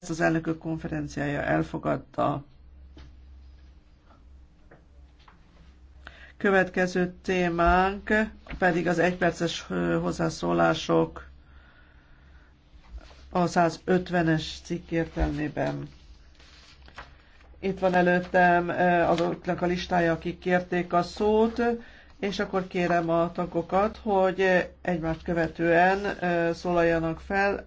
ezt az elnökök konferenciája elfogadta. Következő témánk pedig az egyperces hozzászólások a 150-es cikk értelmében. Itt van előttem azoknak a listája, akik kérték a szót, és akkor kérem a tagokat, hogy egymást követően szólaljanak fel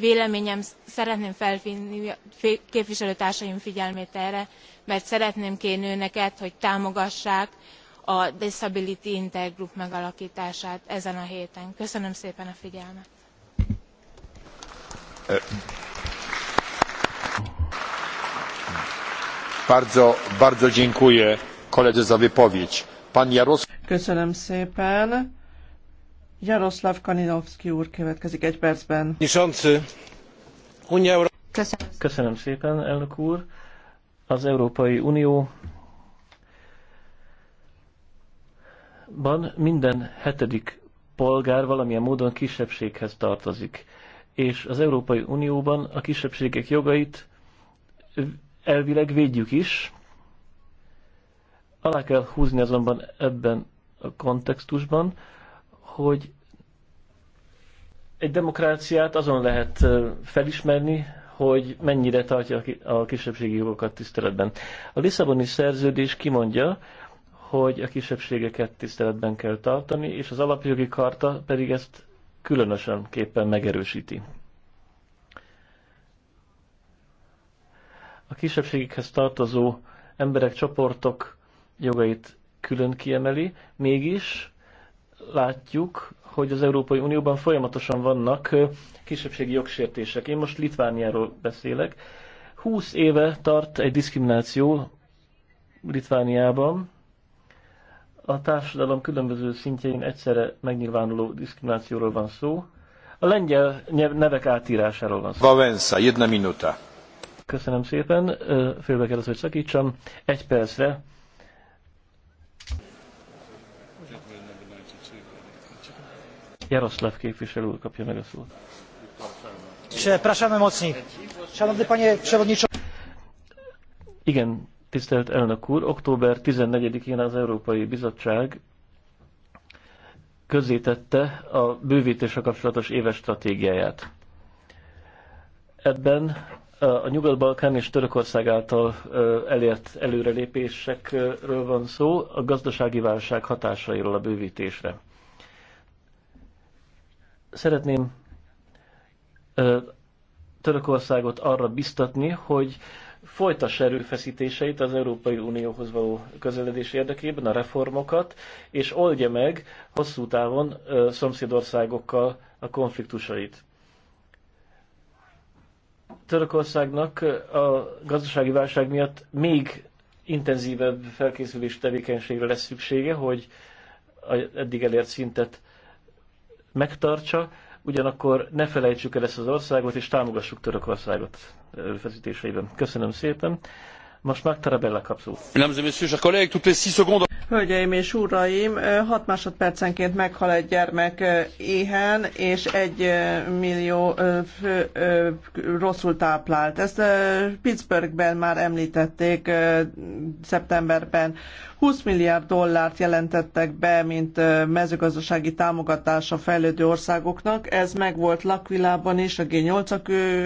véleményem szeretném felhvni képviselőtársaim figyelmét erre mert szeretném kérni önöket hogy támogassák a disability intergroup megalaktását ezen a héten. köszönöm szépen a figyelmet. Köszönöm szépen. Jaroszláv Kaninowski úr következik egy percben. Köszönöm. Köszönöm szépen, elnök úr. Az Európai Unió ban minden hetedik polgár valamilyen módon kisebbséghez tartozik, és az Európai Unióban a kisebbségek jogait elvileg védjük is. Alá kell húzni azonban ebben a kontextusban, hogy egy demokráciát azon lehet felismerni, hogy mennyire tartja a kisebbségi jogokat tiszteletben. A Lisszaboni szerződés kimondja, hogy a kisebbségeket tiszteletben kell tartani, és az alapjogi karta pedig ezt különösen képpen megerősíti. A kisebbségekhez tartozó emberek, csoportok jogait külön kiemeli, mégis látjuk, hogy az Európai Unióban folyamatosan vannak kisebbségi jogsértések. Én most Litvániáról beszélek. 20 éve tart egy diszkrimináció Litvániában. A társadalom különböző szintjein egyszerre megnyilvánuló diszkriminációról van szó. A lengyel nevek átírásáról van szó. Valensa, jedna minuta. Köszönöm szépen. Félbe kell az, hogy szakítsam. Egy percre. Jaroszláv képviselő úr kapja meg a szót. Igen, tisztelt elnök úr, október 14-én az Európai Bizottság közzétette a bővítése kapcsolatos éves stratégiáját. Ebben a Nyugat-Balkán és Törökország által elért előrelépésekről van szó, a gazdasági válság hatásairól a bővítésre. Szeretném Törökországot arra biztatni, hogy folytassa erőfeszítéseit az Európai Unióhoz való közeledés érdekében, a reformokat, és oldja meg hosszú távon ö, szomszédországokkal a konfliktusait. Törökországnak a gazdasági válság miatt még intenzívebb felkészülés tevékenységre lesz szüksége, hogy eddig elért szintet megtartsa, ugyanakkor ne felejtsük el ezt az országot, és támogassuk Törökországot előfeszítéseiben. Köszönöm szépen. Most már Tarabella kapszó. Hölgyeim és uraim, 6 másodpercenként meghal egy gyermek éhen, és egy millió fő rosszul táplált. Ezt Pittsburghben már említették szeptemberben. 20 milliárd dollárt jelentettek be, mint mezőgazdasági támogatás a fejlődő országoknak. Ez megvolt Lakvilában is, a g 8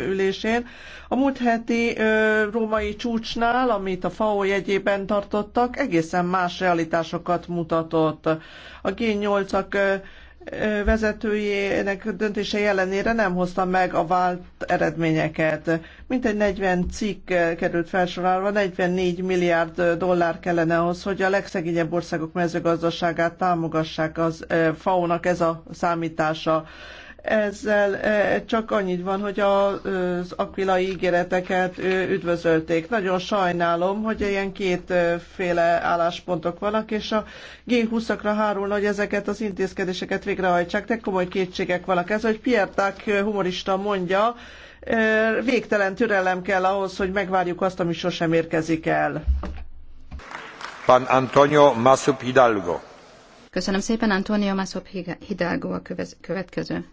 ülésén. A múlt heti római csúcsnál, amit a FAO jegyében tartottak, egészen más realitásokat mutatott. A G8-ak vezetőjének döntése ellenére nem hozta meg a vált eredményeket. Mintegy 40 cikk került felsorolva, 44 milliárd dollár kellene ahhoz, hogy a legszegényebb országok mezőgazdaságát támogassák az FAO-nak ez a számítása. Ezzel csak annyit van, hogy az akvilai ígéreteket üdvözölték. Nagyon sajnálom, hogy ilyen kétféle álláspontok vannak, és a G20-akra hárulna, hogy ezeket az intézkedéseket végrehajtsák, de komoly kétségek vannak. Ez, hogy Pierták humorista mondja, végtelen türelem kell ahhoz, hogy megvárjuk azt, ami sosem érkezik el. Pan Antonio Masup Hidalgo. Köszönöm szépen, Antonio Masup Hidalgo a következő.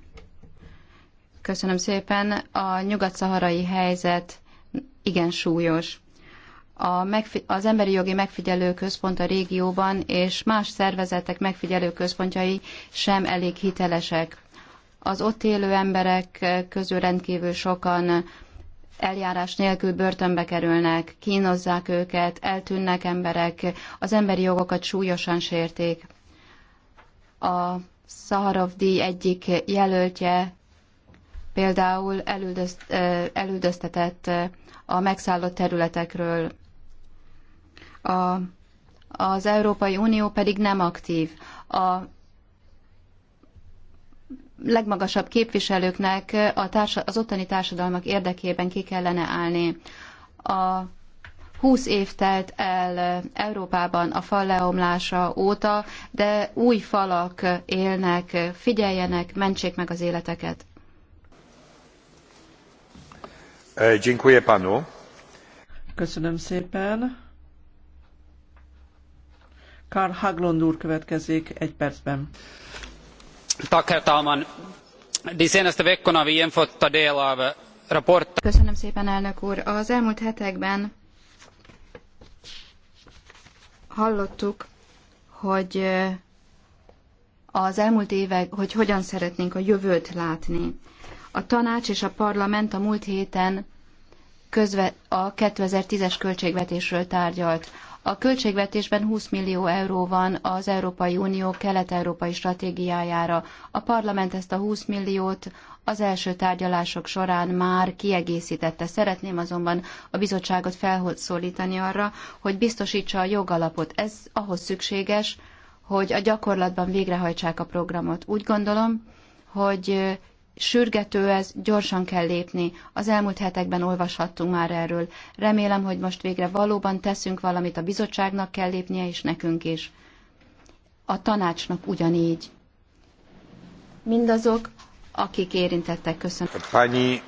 Köszönöm szépen. A nyugat-szaharai helyzet igen súlyos. A az Emberi Jogi Megfigyelő Központ a régióban és más szervezetek megfigyelő központjai sem elég hitelesek. Az ott élő emberek közül rendkívül sokan eljárás nélkül börtönbe kerülnek, kínozzák őket, eltűnnek emberek, az emberi jogokat súlyosan sérték. A Szaharov díj egyik jelöltje például elüldöz, elüldöztetett a megszállott területekről. A, az Európai Unió pedig nem aktív. A legmagasabb képviselőknek a társa, az ottani társadalmak érdekében ki kellene állni. A 20 év telt el Európában a fal leomlása óta, de új falak élnek, figyeljenek, mentsék meg az életeket. E, dziękuję panu. Köszönöm szépen. Karl Haglund úr következik egy percben. Tack, herr talman. De senaste veckorna vi igen fått ta del av rapport... Köszönöm szépen, elnök úr. Az elmúlt hetekben hallottuk, hogy eh, az elmúlt évek, hogy hogyan szeretnénk a jövőt látni. A tanács és a parlament a múlt héten közve a 2010-es költségvetésről tárgyalt. A költségvetésben 20 millió euró van az Európai Unió kelet-európai stratégiájára. A parlament ezt a 20 milliót az első tárgyalások során már kiegészítette. Szeretném azonban a bizottságot felszólítani arra, hogy biztosítsa a jogalapot. Ez ahhoz szükséges, hogy a gyakorlatban végrehajtsák a programot. Úgy gondolom, hogy sürgető ez, gyorsan kell lépni. Az elmúlt hetekben olvashattunk már erről. Remélem, hogy most végre valóban teszünk valamit, a bizottságnak kell lépnie, és nekünk is. A tanácsnak ugyanígy. Mindazok, akik érintettek, köszönöm. Pani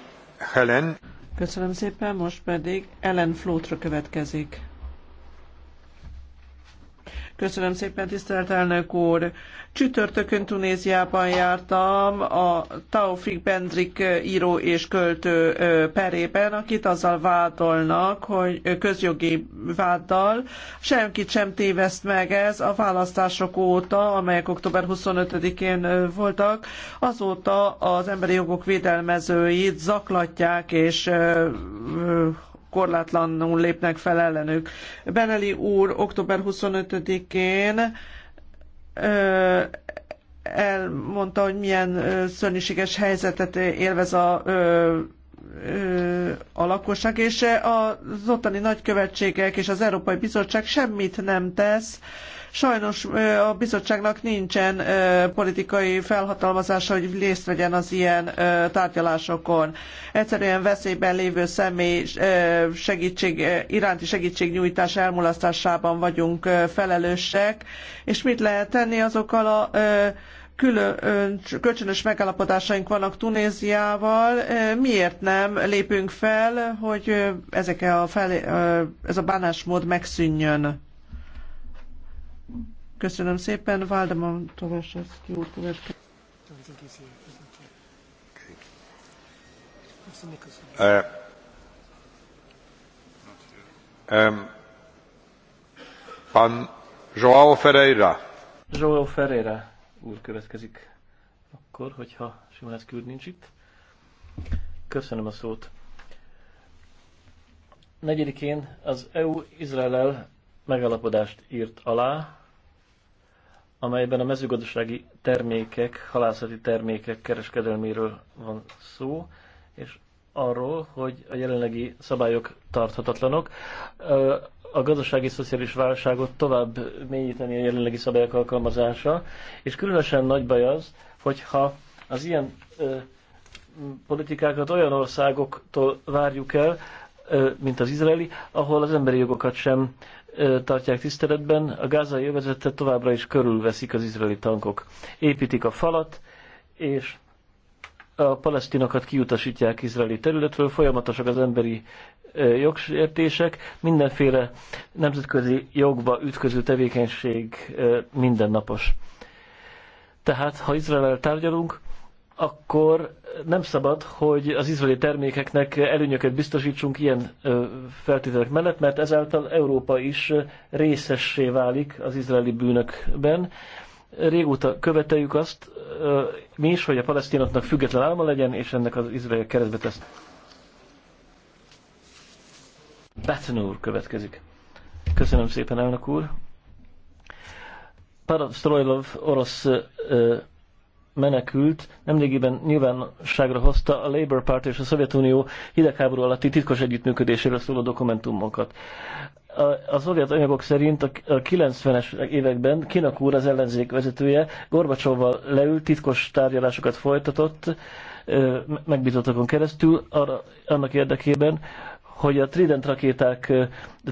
Helen. Köszönöm szépen, most pedig Ellen Flótra következik. Köszönöm szépen, tisztelt elnök úr! Csütörtökön Tunéziában jártam a Taufik Bendrik író és költő perében, akit azzal vádolnak, hogy közjogi váddal senkit sem téveszt meg ez a választások óta, amelyek október 25-én voltak, azóta az emberi jogok védelmezőit zaklatják és korlátlanul lépnek fel ellenük. Beneli úr október 25-én elmondta, hogy milyen szörnyűséges helyzetet élvez a a lakosság, és az ottani nagykövetségek és az Európai Bizottság semmit nem tesz, Sajnos a bizottságnak nincsen politikai felhatalmazása, hogy részt vegyen az ilyen tárgyalásokon. Egyszerűen veszélyben lévő személy segítség, iránti segítségnyújtás elmulasztásában vagyunk felelősek, és mit lehet tenni azokkal a külön, kölcsönös megállapodásaink vannak Tunéziával. Miért nem lépünk fel, hogy ezek a fel, ez a bánásmód megszűnjön? Köszönöm szépen, Váldemar Tovasevszki úr következő. pan João Ferreira. João Ferreira úr következik akkor, hogyha Simoneszki úr nincs itt. Köszönöm a szót. Negyedikén az EU izrael megállapodást írt alá, amelyben a mezőgazdasági termékek, halászati termékek kereskedelméről van szó, és arról, hogy a jelenlegi szabályok tarthatatlanok. A gazdasági szociális válságot tovább mélyíteni a jelenlegi szabályok alkalmazása, és különösen nagy baj az, hogyha az ilyen ö, politikákat olyan országoktól várjuk el, ö, mint az izraeli, ahol az emberi jogokat sem ö, tartják tiszteletben, a gázai övezetet továbbra is körülveszik az izraeli tankok. Építik a falat, és a palesztinokat kiutasítják izraeli területről, folyamatosak az emberi jogsértések, mindenféle nemzetközi jogba ütköző tevékenység mindennapos. Tehát, ha Izrael tárgyalunk, akkor nem szabad, hogy az izraeli termékeknek előnyöket biztosítsunk ilyen feltételek mellett, mert ezáltal Európa is részessé válik az izraeli bűnökben. Régóta követeljük azt mi is, hogy a palesztinoknak független álma legyen, és ennek az izraeli keresztbe tesz. Batten úr következik. Köszönöm szépen, elnök úr. Parastroilov orosz menekült, nemrégiben nyilvánosságra hozta a Labour Party és a Szovjetunió hidegháború alatti titkos együttműködéséről szóló dokumentumokat. A, a szovjet anyagok szerint a 90-es években Kinak úr, az ellenzék vezetője, Gorbacsovval leült, titkos tárgyalásokat folytatott, megbízottakon keresztül arra, annak érdekében, hogy a Trident rakéták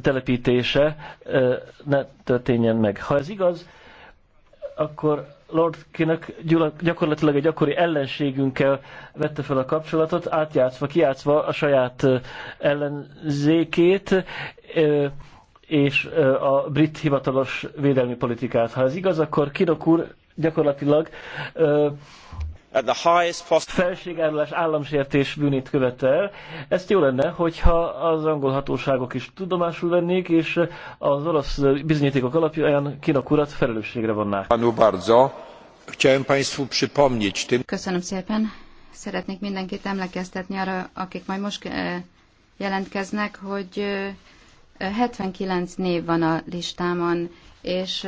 telepítése ne történjen meg. Ha ez igaz, akkor Lord Lordkinak gyakorlatilag egy gyakori ellenségünkkel vette fel a kapcsolatot, átjátszva, kiátszva a saját ellenzékét és a brit hivatalos védelmi politikát. Ha ez igaz, akkor Kinok úr gyakorlatilag felségárulás államsértés bűnét el. Ezt jó lenne, hogyha az angol hatóságok is tudomásul vennék, és az orosz bizonyítékok alapján Kinok urat felelősségre vonnák. Köszönöm szépen. Szeretnék mindenkit emlékeztetni arra, akik majd most eh, jelentkeznek, hogy 79 eh, eh, név van a listámon, és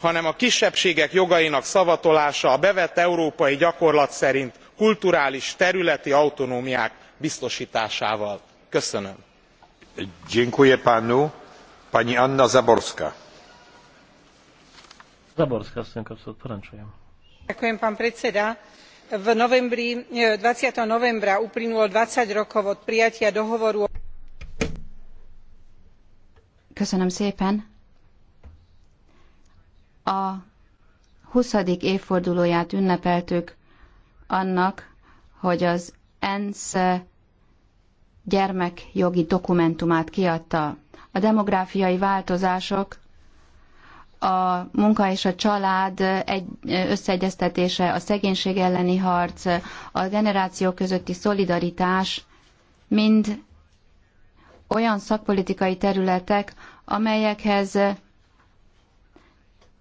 hanem a kisebbségek jogainak szavatolása a bevett európai gyakorlat szerint kulturális területi autonómiák biztostásával. köszönöm. twenty e, novembra uplynulo twenty rokov od prijatia dohovoru. köszönöm szépen a 20. évfordulóját ünnepeltük annak, hogy az ENSZ gyermekjogi dokumentumát kiadta. A demográfiai változások, a munka és a család egy, összeegyeztetése, a szegénység elleni harc, a generációk közötti szolidaritás mind olyan szakpolitikai területek, amelyekhez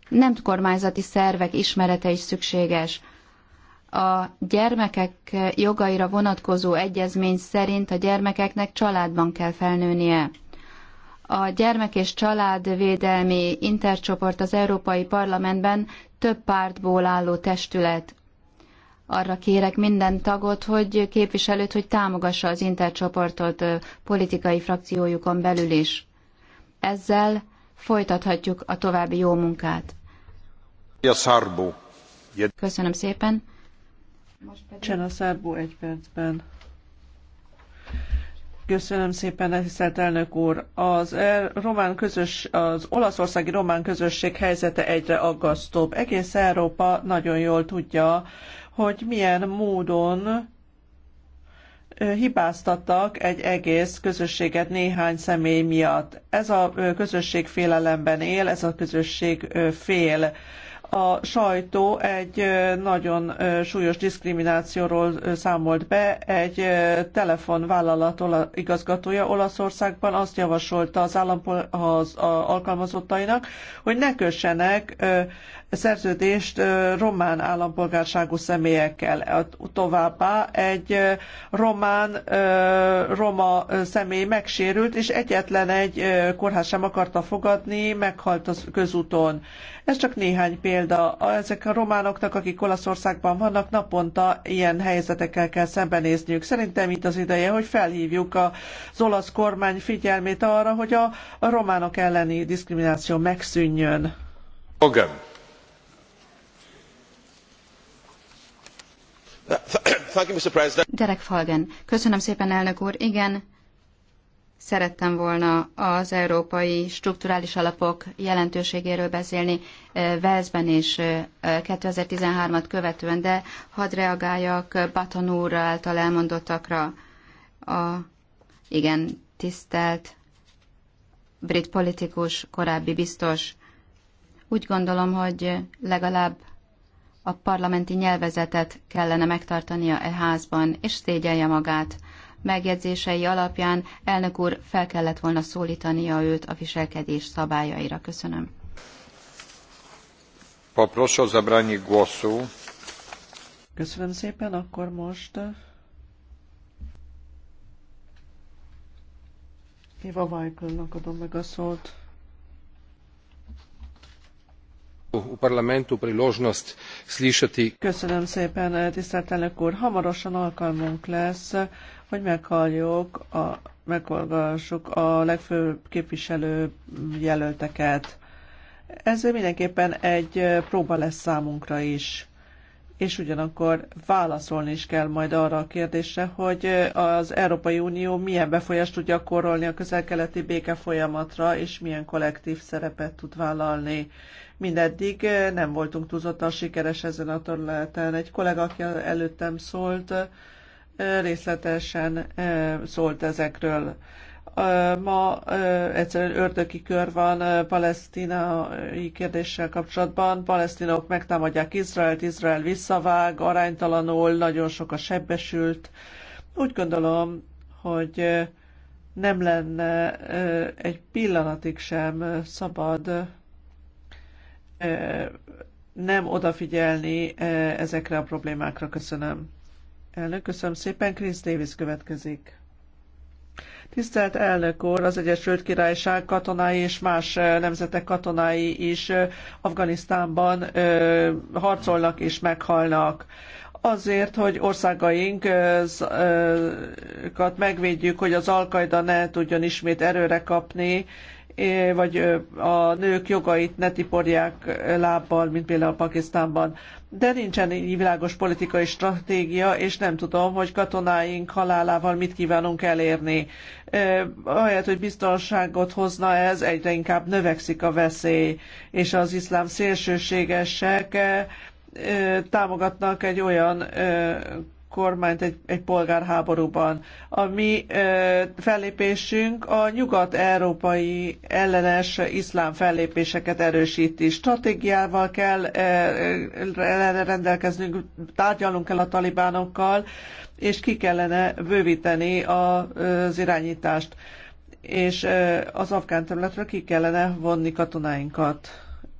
nem kormányzati szervek ismerete is szükséges. A gyermekek jogaira vonatkozó egyezmény szerint a gyermekeknek családban kell felnőnie. A gyermek és családvédelmi intercsoport az Európai Parlamentben több pártból álló testület. Arra kérek minden tagot, hogy képviselőt, hogy támogassa az intercsoportot politikai frakciójukon belül is. Ezzel folytathatjuk a további jó munkát. Köszönöm szépen. Csena Szárbó egy percben. Köszönöm szépen, tisztelt elnök úr. Az, román közös, az olaszországi román közösség helyzete egyre aggasztóbb. Egész Európa nagyon jól tudja, hogy milyen módon hibáztattak egy egész közösséget néhány személy miatt. Ez a közösség félelemben él, ez a közösség fél a sajtó egy nagyon súlyos diszkriminációról számolt be. Egy telefonvállalat igazgatója Olaszországban azt javasolta az, állampol- az alkalmazottainak, hogy ne kössenek szerződést román állampolgárságú személyekkel. Továbbá egy román, roma személy megsérült, és egyetlen egy kórház sem akarta fogadni, meghalt az közúton. Ez csak néhány példa. Ezek a románoknak, akik Olaszországban vannak, naponta ilyen helyzetekkel kell szembenézniük. Szerintem itt az ideje, hogy felhívjuk az olasz kormány figyelmét arra, hogy a románok elleni diszkrimináció megszűnjön. Hogan. Derek Falgen. Köszönöm szépen, elnök úr. Igen, szerettem volna az európai strukturális alapok jelentőségéről beszélni eh, Velszben és 2013-at eh, követően, de hadd reagáljak Baton úr által elmondottakra. A, igen, tisztelt brit politikus, korábbi biztos. Úgy gondolom, hogy legalább a parlamenti nyelvezetet kellene megtartania e házban, és szégyelje magát. Megjegyzései alapján elnök úr fel kellett volna szólítania őt a viselkedés szabályaira. Köszönöm. Köszönöm szépen, akkor most Éva eh, Vajkölnak adom meg a szót. parlamentu priložnost slišati. Köszönöm szépen, tisztelt elnök úr. Hamarosan alkalmunk lesz, hogy meghalljuk, a, meghallgassuk a legfőbb képviselő jelölteket. Ez mindenképpen egy próba lesz számunkra is és ugyanakkor válaszolni is kell majd arra a kérdésre, hogy az Európai Unió milyen befolyást tudja gyakorolni a közel-keleti béke folyamatra, és milyen kollektív szerepet tud vállalni. Mindeddig nem voltunk túlzottan sikeres ezen a területen. Egy kollega, aki előttem szólt, részletesen szólt ezekről. Ma egyszerűen ördögi kör van palesztinai kérdéssel kapcsolatban. Palesztinok megtámadják Izraelt, Izrael visszavág aránytalanul, nagyon sok a sebbesült. Úgy gondolom, hogy nem lenne egy pillanatig sem szabad nem odafigyelni ezekre a problémákra. Köszönöm. Elnök, köszönöm szépen. Chris Davis következik. Tisztelt elnök úr, az Egyesült Királyság katonái és más nemzetek katonái is Afganisztánban harcolnak és meghalnak azért, hogy országainkat megvédjük, hogy az Alkaida ne tudjon ismét erőre kapni, vagy a nők jogait ne tiporják lábbal, mint például Pakisztánban. De nincsen így világos politikai stratégia, és nem tudom, hogy katonáink halálával mit kívánunk elérni. Ahelyett, hogy biztonságot hozna ez, egyre inkább növekszik a veszély, és az iszlám szélsőségesek támogatnak egy olyan kormányt egy, egy polgárháborúban. A mi ö, fellépésünk a nyugat-európai ellenes iszlám fellépéseket erősíti. Stratégiával kell ö, rendelkeznünk, tárgyalunk kell a talibánokkal, és ki kellene bővíteni a, az irányítást. És ö, az afgán területről ki kellene vonni katonáinkat.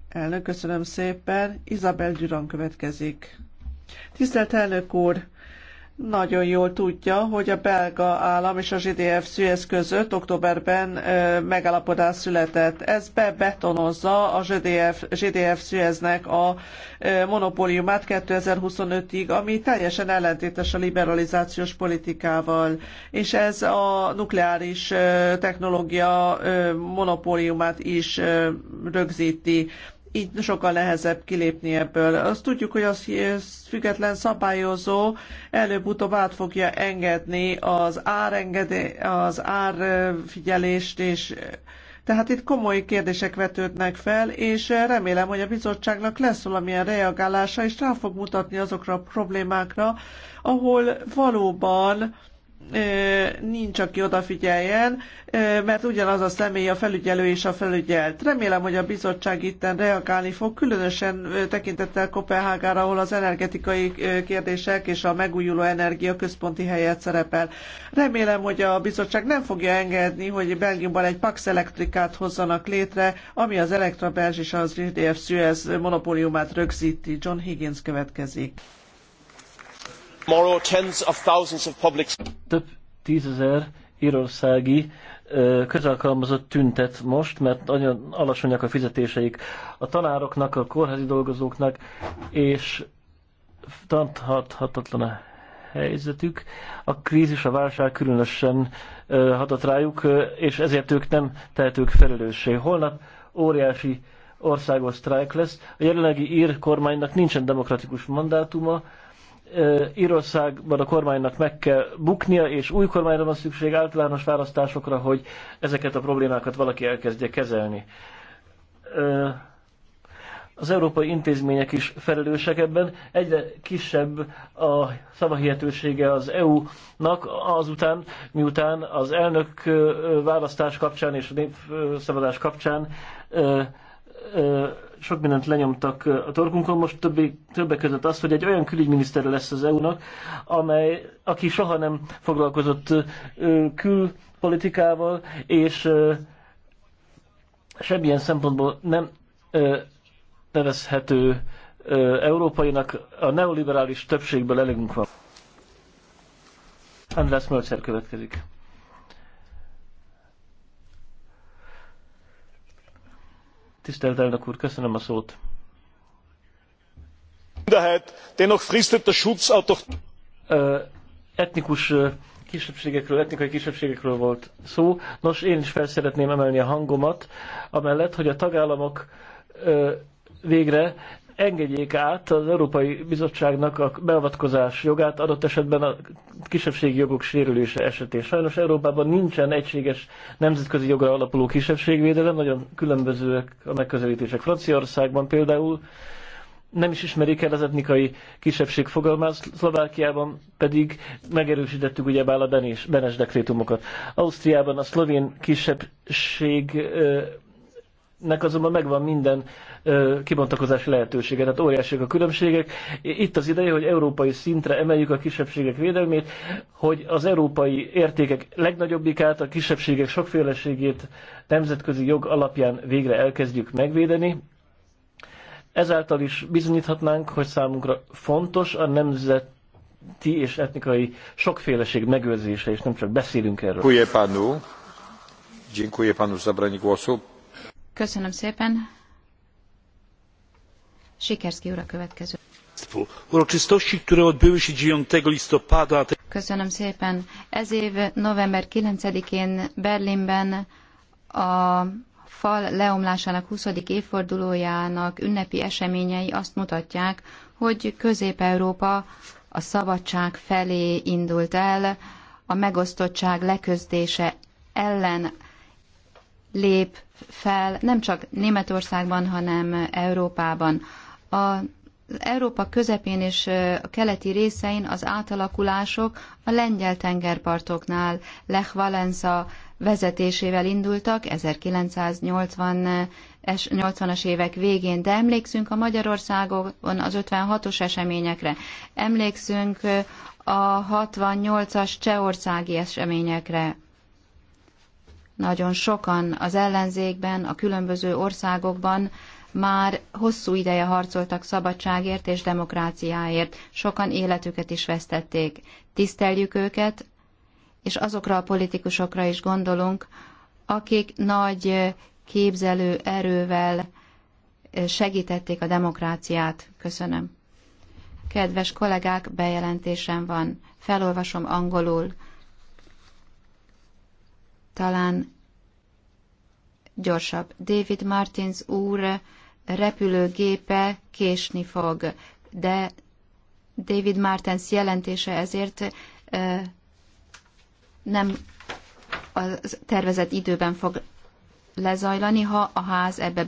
Elnök, köszönöm szépen. Isabel Gyuran következik. Tisztelt elnök úr! nagyon jól tudja, hogy a belga állam és a ZDF Suez között októberben megállapodás született. Ez bebetonozza a ZDF, ZDF Suez-nek a monopóliumát 2025-ig, ami teljesen ellentétes a liberalizációs politikával, és ez a nukleáris technológia monopóliumát is rögzíti így sokkal nehezebb kilépni ebből. Azt tudjuk, hogy az független szabályozó előbb-utóbb át fogja engedni az, árengedé, az árfigyelést, és tehát itt komoly kérdések vetődnek fel, és remélem, hogy a bizottságnak lesz valamilyen reagálása, és rá fog mutatni azokra a problémákra, ahol valóban nincs, aki odafigyeljen, mert ugyanaz a személy a felügyelő és a felügyelt. Remélem, hogy a bizottság itten reagálni fog, különösen tekintettel Kopenhágára, ahol az energetikai kérdések és a megújuló energia központi helyet szerepel. Remélem, hogy a bizottság nem fogja engedni, hogy Belgiumban egy Pax Elektrikát hozzanak létre, ami az Elektrabels és az RDF Suez monopóliumát rögzíti. John Higgins következik. Tomorrow tens of thousands of public... Több tízezer írországi közalkalmazott tüntet most, mert nagyon alacsonyak a fizetéseik a tanároknak, a kórházi dolgozóknak, és tanthatatlan a helyzetük. A krízis, a válság különösen hatott rájuk, és ezért ők nem tehetők felelőssé. Holnap óriási országos sztrájk lesz. A jelenlegi ír kormánynak nincsen demokratikus mandátuma, Írországban a kormánynak meg kell buknia, és új kormányra van szükség általános választásokra, hogy ezeket a problémákat valaki elkezdje kezelni. Az európai intézmények is felelősek ebben. Egyre kisebb a szavahihetősége az EU-nak azután, miután az elnök választás kapcsán és a népszavazás kapcsán sok mindent lenyomtak a torkunkon, most többi, többek között az, hogy egy olyan külügyminiszter lesz az EU-nak, amely, aki soha nem foglalkozott külpolitikával, és semmilyen szempontból nem nevezhető európainak, a neoliberális többségből elegünk van. András Mölcser következik. Tisztelt elnök úr, köszönöm a szót. Dennoch fristet der Schutz auch etnikus kisebbségekről, etnikai kisebbségekről volt szó. Nos, én is fel szeretném emelni a hangomat, amellett, hogy a tagállamok végre engedjék át az Európai Bizottságnak a beavatkozás jogát, adott esetben a kisebbségi jogok sérülése esetén. Sajnos Európában nincsen egységes nemzetközi jogra alapuló kisebbségvédelem, nagyon különbözőek a megközelítések. Franciaországban például nem is ismerik el az etnikai kisebbség fogalmát, Szlovákiában pedig megerősítettük ugyebár a Benes dekrétumokat. Ausztriában a szlovén kisebbség nek azonban megvan minden ö, kibontakozási lehetősége, tehát óriásiak a különbségek. Itt az ideje, hogy európai szintre emeljük a kisebbségek védelmét, hogy az európai értékek legnagyobbikát, a kisebbségek sokféleségét nemzetközi jog alapján végre elkezdjük megvédeni. Ezáltal is bizonyíthatnánk, hogy számunkra fontos a nemzeti és etnikai sokféleség megőrzése, és nem csak beszélünk erről. Dziękuję panu. Dziękuję panu za głosu. Köszönöm szépen. Sikerszki úr a következő. Uroczystości, które odbyły się 9 listopada. Köszönöm szépen. Ez év november 9-én Berlinben a fal leomlásának 20. évfordulójának ünnepi eseményei azt mutatják, hogy Közép-Európa a szabadság felé indult el, a megosztottság leközdése ellen lép fel, nem csak Németországban, hanem Európában. A Európa közepén és a keleti részein az átalakulások a lengyel tengerpartoknál Lech Valenza vezetésével indultak 1980-as eh, évek végén, de emlékszünk a Magyarországon az 56-os eseményekre, emlékszünk a 68-as csehországi eseményekre, nagyon sokan az ellenzékben, a különböző országokban már hosszú ideje harcoltak szabadságért és demokráciáért, sokan életüket is vesztették. Tiszteljük őket, és azokra a politikusokra is gondolunk, akik nagy képzelő erővel segítették a demokráciát. Köszönöm. Kedves kollégák, bejelentésem van. Felolvasom angolul talán gyorsabb. David Martins úr repülőgépe késni fog, de David Martens jelentése ezért nem a tervezett időben fog lezajlani, ha a ház ebbe